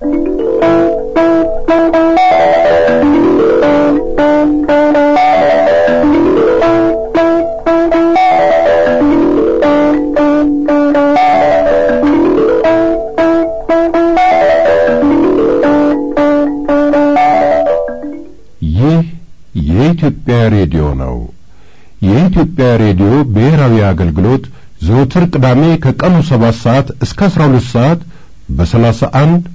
ይህ የኢትዮጵያ ሬዲዮ ነው። የኢትዮጵያ ሬዲዮ ብሔራዊ አገልግሎት ዘወትር ቅዳሜ ከቀኑ 7 ሰዓት እስከ 12 ሰዓት በ31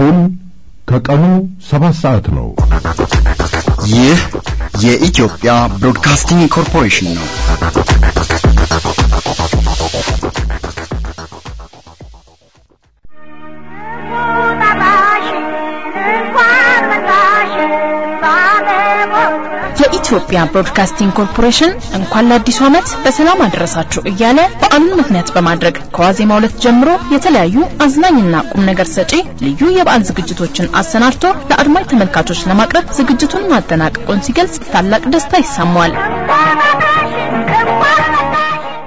አሁን ከቀኑ ሰባት ሰዓት ነው። ይህ የኢትዮጵያ ብሮድካስቲንግ ኮርፖሬሽን ነው። የኢትዮጵያ ብሮድካስቲንግ ኮርፖሬሽን እንኳን ለአዲሱ ዓመት በሰላም አደረሳችሁ እያለ በዓሉን ምክንያት በማድረግ ከዋዜማ ሁለት ጀምሮ የተለያዩ አዝናኝና ቁም ነገር ሰጪ ልዩ የበዓል ዝግጅቶችን አሰናድቶ ለአድማጭ ተመልካቾች ለማቅረብ ዝግጅቱን ማጠናቀቁን ሲገልጽ ታላቅ ደስታ ይሰማዋል።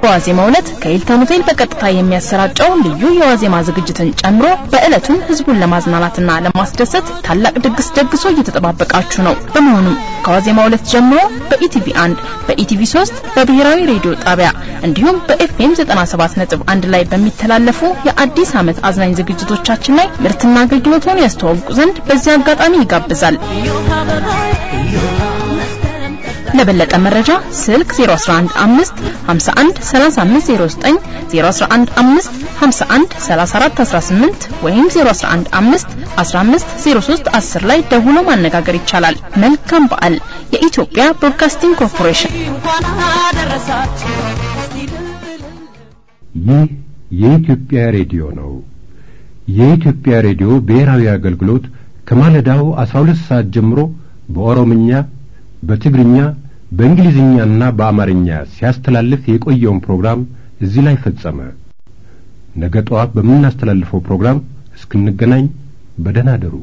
በዋዜማ እውነት ከሂልተን ሆቴል በቀጥታ የሚያሰራጨው ልዩ የዋዜማ ዝግጅትን ጨምሮ በዕለቱም ህዝቡን ለማዝናናትና ለማስደሰት ታላቅ ድግስ ደግሶ እየተጠባበቃችሁ ነው። በመሆኑም ከዋዜማ እውለት ጀምሮ በኢቲቪ 1 በኢቲቪ 3 በብሔራዊ ሬዲዮ ጣቢያ እንዲሁም በኤፍኤም 1 ላይ በሚተላለፉ የአዲስ ዓመት አዝናኝ ዝግጅቶቻችን ላይ ምርትና አገልግሎቱን ያስተዋውቁ ዘንድ በዚህ አጋጣሚ ይጋብዛል። ለበለጠ መረጃ ስልክ 0115 ወይም 0115150310 ላይ ደውሎ ማነጋገር ይቻላል። መልካም በዓል። የኢትዮጵያ ብሮድካስቲንግ ኮርፖሬሽን። ይህ የኢትዮጵያ ሬዲዮ ነው። የኢትዮጵያ ሬዲዮ ብሔራዊ አገልግሎት ከማለዳው 12 ሰዓት ጀምሮ በኦሮምኛ በትግርኛ በእንግሊዝኛና በአማርኛ ሲያስተላልፍ የቆየውን ፕሮግራም እዚህ ላይ ፈጸመ። ነገ ጠዋት በምናስተላልፈው ፕሮግራም እስክንገናኝ በደህና አደሩ።